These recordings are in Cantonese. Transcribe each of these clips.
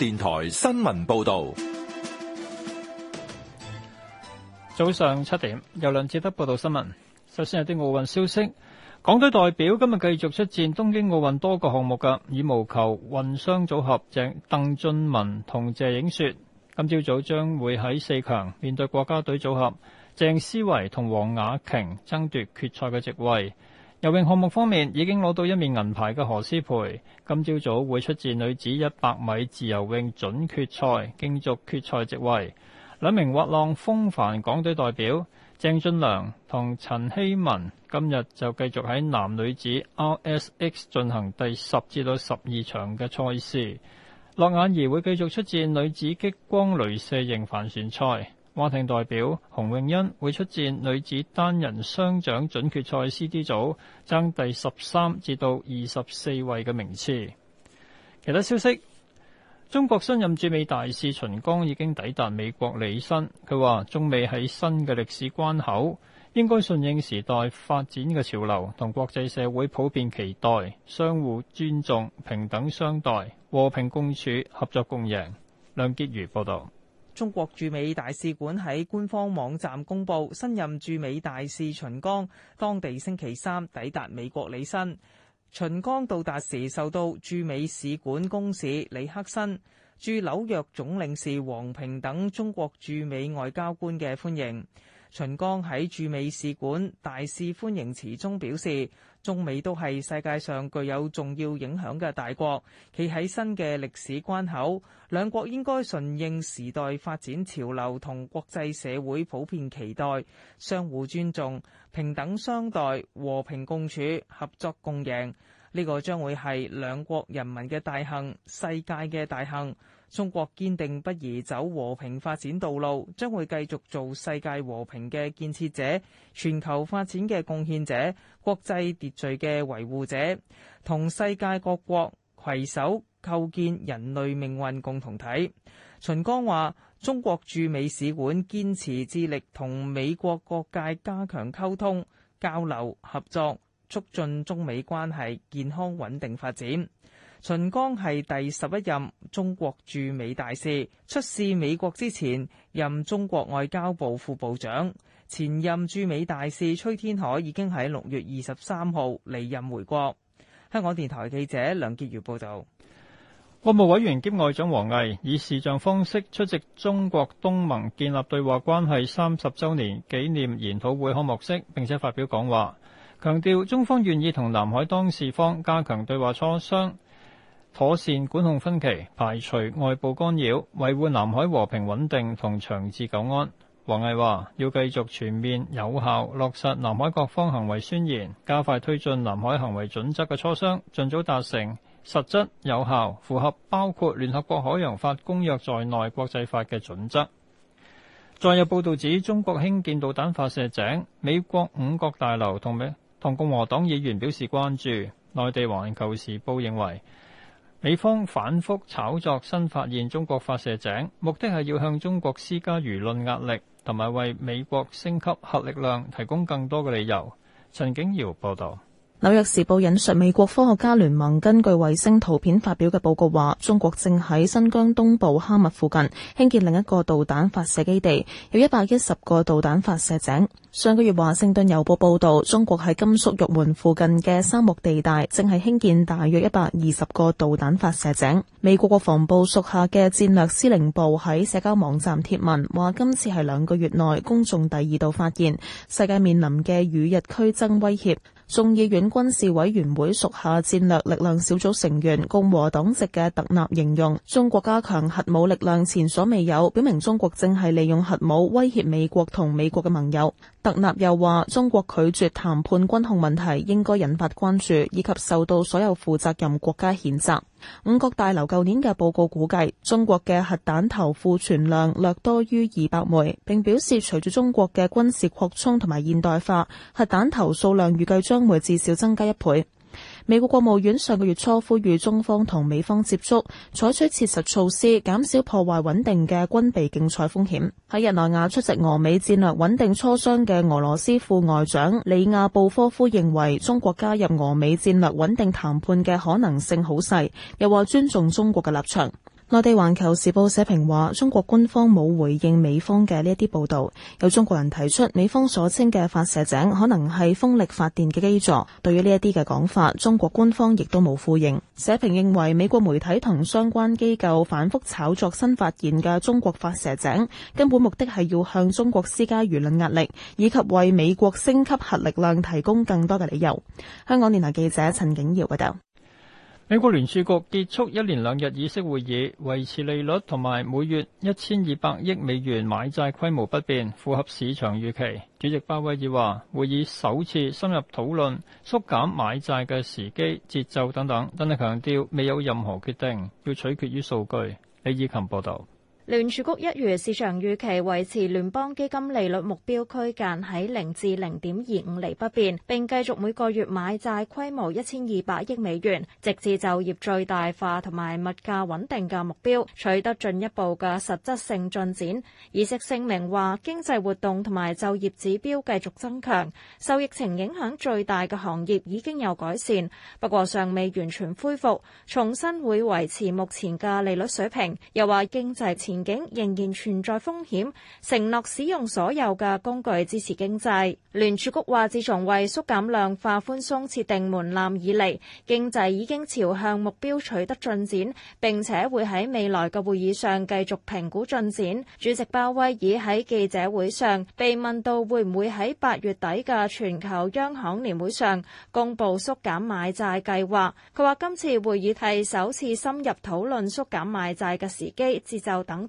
電台新聞報道，早上七點，由梁志德報道新聞。首先有啲奧運消息，港隊代表今日繼續出戰東京奧運多個項目嘅羽毛球混雙組合鄭鄧俊文同謝影雪，今朝早將會喺四強面對國家隊組合鄭思維同黃雅瓊爭奪決賽嘅席位。游泳項目方面，已經攞到一面銀牌嘅何詩蓓，今朝早會出戰女子一百米自由泳準決賽，競逐決賽席位。兩名滑浪風帆港隊代表鄭俊良同陳希文，今日就繼續喺男女子 RSX 進行第十至到十二場嘅賽事。駱艷儀會繼續出戰女子激光鐳射型帆船賽。蛙艇代表洪詠欣會出戰女子單人雙槳準決賽 C D 組，爭第十三至到二十四位嘅名次。其他消息，中國新任駐美大使秦剛已經抵達美國履新，佢話中美喺新嘅歷史關口，應該順應時代發展嘅潮流同國際社會普遍期待，相互尊重、平等相待、和平共處、合作共贏。梁潔如報道。中國駐美大使館喺官方網站公布，新任駐美大使秦剛，當地星期三抵達美國履新。秦剛到達時，受到駐美使館公使李克新、駐紐約總領事黃平等中國駐美外交官嘅歡迎。秦剛喺駐美使館大肆歡迎詞中表示，中美都係世界上具有重要影響嘅大國，企喺新嘅歷史關口，兩國應該順應時代發展潮流同國際社會普遍期待，相互尊重、平等相待、和平共處、合作共贏，呢、這個將會係兩國人民嘅大幸，世界嘅大幸。中國堅定不移走和平發展道路，將會繼續做世界和平嘅建設者、全球發展嘅貢獻者、國際秩序嘅維護者，同世界各國攜手構建人類命運共同體。秦剛話：中國駐美使館堅持致力同美國各界加強溝通、交流、合作，促進中美關係健康穩定發展。秦剛係第十一任中國駐美大使，出使美國之前任中國外交部副部長。前任駐美大使崔天凱已經喺六月二十三號離任回國。香港電台記者梁潔如報導。國務委員兼外長王毅以視像方式出席中國東盟建立對話關係三十周年紀念研討會開幕式，並且發表講話，強調中方願意同南海當事方加強對話磋商，妥善管控分歧，排除外部干擾，維護南海和平穩定同長治久安。王毅話：要繼續全面有效落實南海各方行為宣言，加快推進南海行為準則嘅磋商，盡早達成實質有效、符合包括聯合國海洋法公約在內國際法嘅準則。再有報導指中國興建導彈發射井，美國五角大樓同同共和黨議員表示關注。內地《環球時報》認為。美方反覆炒作新發現中國發射井，目的係要向中國施加輿論壓力，同埋為美國升級核力量提供更多嘅理由。陳景堯報導。紐約時報引述美國科學家聯盟根據衛星圖片發表嘅報告話，中國正喺新疆東部哈密附近興建另一個導彈發射基地，有一百一十個導彈發射井。上個月華盛頓郵報報道，中國喺甘肅玉門附近嘅沙漠地帶正係興建大約一百二十個導彈發射井。美國國防部屬下嘅戰略司令部喺社交網站貼文話，今次係兩個月內公眾第二度發現世界面臨嘅與日俱增威脅。眾議院軍事委員會屬下戰略力量小組成員共和黨籍嘅特納形容，中國加強核武力量前所未有，表明中國正係利用核武威脅美國同美國嘅盟友。特納又話，中國拒絕談判軍控問題，應該引發關注，以及受到所有負責任國家譴責。五角大樓舊年嘅報告估計，中國嘅核彈頭庫存量略多於二百枚，並表示隨住中國嘅軍事擴充同埋現代化，核彈頭數量預計將會至少增加一倍。美國國務院上個月初呼籲中方同美方接觸，採取切實措施，減少破壞穩定嘅軍備競賽風險。喺日內瓦出席俄美戰略穩定磋商嘅俄羅斯副外長里亞布科夫認為，中國加入俄美戰略穩定談判嘅可能性好細，又話尊重中國嘅立場。內地環球時報社評話，中國官方冇回應美方嘅呢一啲報道。有中國人提出美方所稱嘅發射井可能係風力發電嘅基座。對於呢一啲嘅講法，中國官方亦都冇呼應。社評認為，美國媒體同相關機構反復炒作新發現嘅中國發射井，根本目的係要向中國施加輿論壓力，以及為美國升級核力量提供更多嘅理由。香港電台記者陳景瑤報道。美國聯儲局結束一連兩日議息會議，維持利率同埋每月一千二百億美元買債規模不變，符合市場預期。主席鮑威爾話，會議首次深入討論，縮減買債嘅時機、節奏等等，但係強調未有任何決定，要取決於數據。李以琴報道。聯儲局一如市場預期，維持聯邦基金利率目標區間喺零至零點二五厘不變，並繼續每個月買債規模一千二百億美元，直至就業最大化同埋物價穩定嘅目標取得進一步嘅實質性進展。議息聲明話，經濟活動同埋就業指標繼續增強，受疫情影響最大嘅行業已經有改善，不過尚未完全恢復。重新會維持目前嘅利率水平，又話經濟前。境仍然存在風險，承諾使用所有嘅工具支持經濟。聯儲局話，自從為縮減量化寬鬆設定門檻以嚟，經濟已經朝向目標取得進展，並且會喺未來嘅會議上繼續評估進展。主席鮑威爾喺記者會上被問到會唔會喺八月底嘅全球央行年會上公佈縮減買債計劃，佢話今次會議係首次深入討論縮減買債嘅時機，節奏等。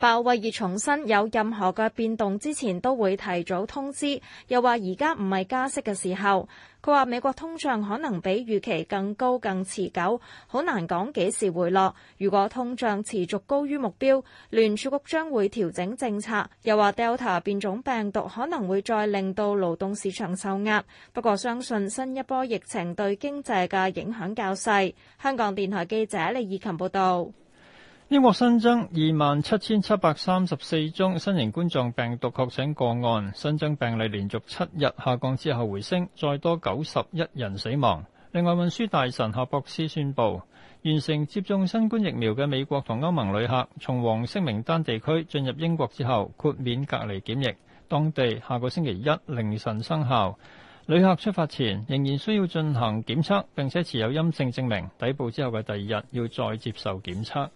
鮑威爾重申，有任何嘅變動之前都會提早通知，又話而家唔係加息嘅時候。佢話美國通脹可能比預期更高更持久，好難講幾時回落。如果通脹持續高於目標，聯儲局將會調整政策。又話 Delta 變種病毒可能會再令到勞動市場受壓，不過相信新一波疫情對經濟嘅影響較細。香港電台記者李以琴報道。英國新增二萬七千七百三十四宗新型冠狀病毒確診個案，新增病例連續七日下降之後回升，再多九十一人死亡。另外，運輸大臣夏博斯宣布，完成接種新冠疫苗嘅美國同歐盟旅客從黃色名單地區進入英國之後豁免隔離檢疫，當地下個星期一凌晨生效。旅客出發前仍然需要進行檢測，並且持有陰性證明。抵埗之後嘅第二日要再接受檢測。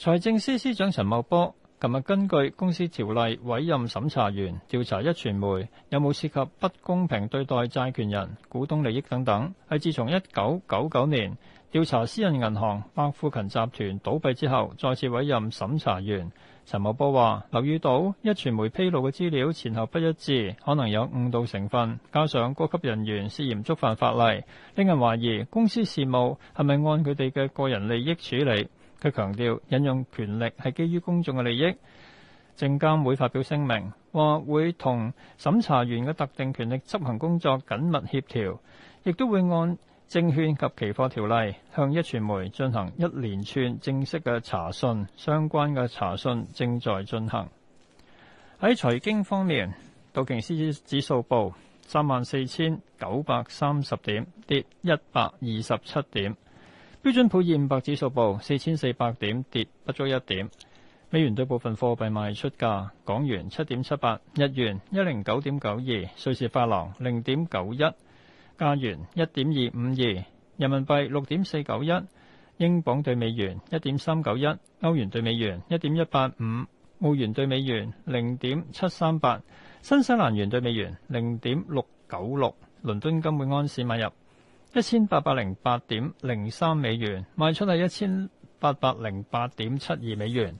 財政司司長陳茂波琴日根據公司條例委任審查員調查一傳媒有冇涉及不公平對待債權人、股東利益等等，係自從一九九九年調查私人銀行百富勤集團倒閉之後，再次委任審查員。陳茂波話：留意到一傳媒披露嘅資料前後不一致，可能有誤導成分，加上高級人員涉嫌觸犯法例，令人懷疑公司事務係咪按佢哋嘅個人利益處理。佢強調引用權力係基於公眾嘅利益。證監會發表聲明，話會同審查員嘅特定權力執行工作緊密協調，亦都會按證券及期貨條例向壹傳媒進行一連串正式嘅查詢。相關嘅查詢正在進行。喺財經方面，道瓊斯指數報三萬四千九百三十點，跌一百二十七點。標準普爾五百指數報4400點，跌不足一點。美元對部分貨幣賣出價：港元7.78，日元109.92，瑞士法郎0.91，加元1.252，人民幣6.491，英鎊對美元1.391，歐元對美元1.185，澳元對美元0.738，新西蘭元對美元0.696。倫敦金會安士買入一千八百零八點零三美元，賣出係一千八百零八點七二美元。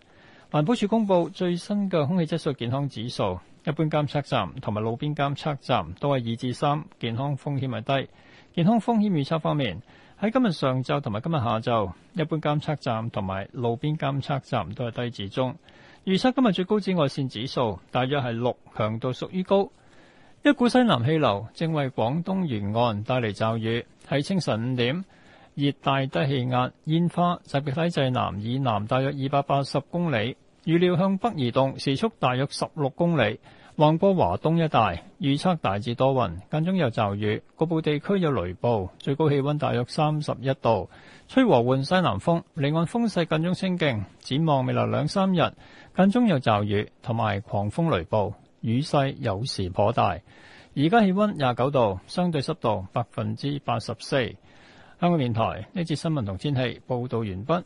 環保署公布最新嘅空氣質素健康指數，一般監測站同埋路邊監測站都係二至三，健康風險係低。健康風險預測方面，喺今日上晝同埋今日下晝，一般監測站同埋路邊監測站都係低至中。預測今日最高紫外線指數大約係六，強度屬於高。一股西南氣流正為廣東沿岸帶嚟驟雨。喺清晨五點，熱帶低氣壓煙花，特別喺濟南以南大約二百八十公里，預料向北移動，時速大約十六公里，橫過華東一帶。預測大致多雲，間中有驟雨，局部地區有雷暴，最高氣温大約三十一度，吹和緩西南風，離岸風勢間中清勁。展望未來兩三日，間中有驟雨同埋狂風雷暴。雨勢有時頗大，而家氣溫廿九度，相對濕度百分之八十四。香港電台呢節新聞同天氣報道完畢。